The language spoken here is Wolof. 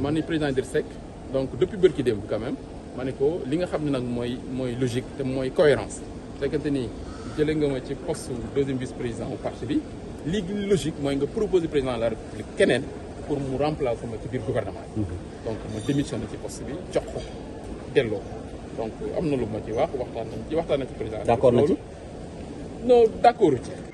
man ni président Idriss donc depuis bërki démb quand même ma ne ko li nga xam nak moy moy logique te moy cohérence que ni jëlee nga ma ci poste deuxième vice président au parti bi li logique moy nga proposer président de la république kenen pour mu remplacer ma ci gouvernement mhm. donc mo démissionné ci poste bi jox ko dello. donc amna lu ma ci wax waxtan ci waxtaan ci président. d'accord na ci non d'accord ci.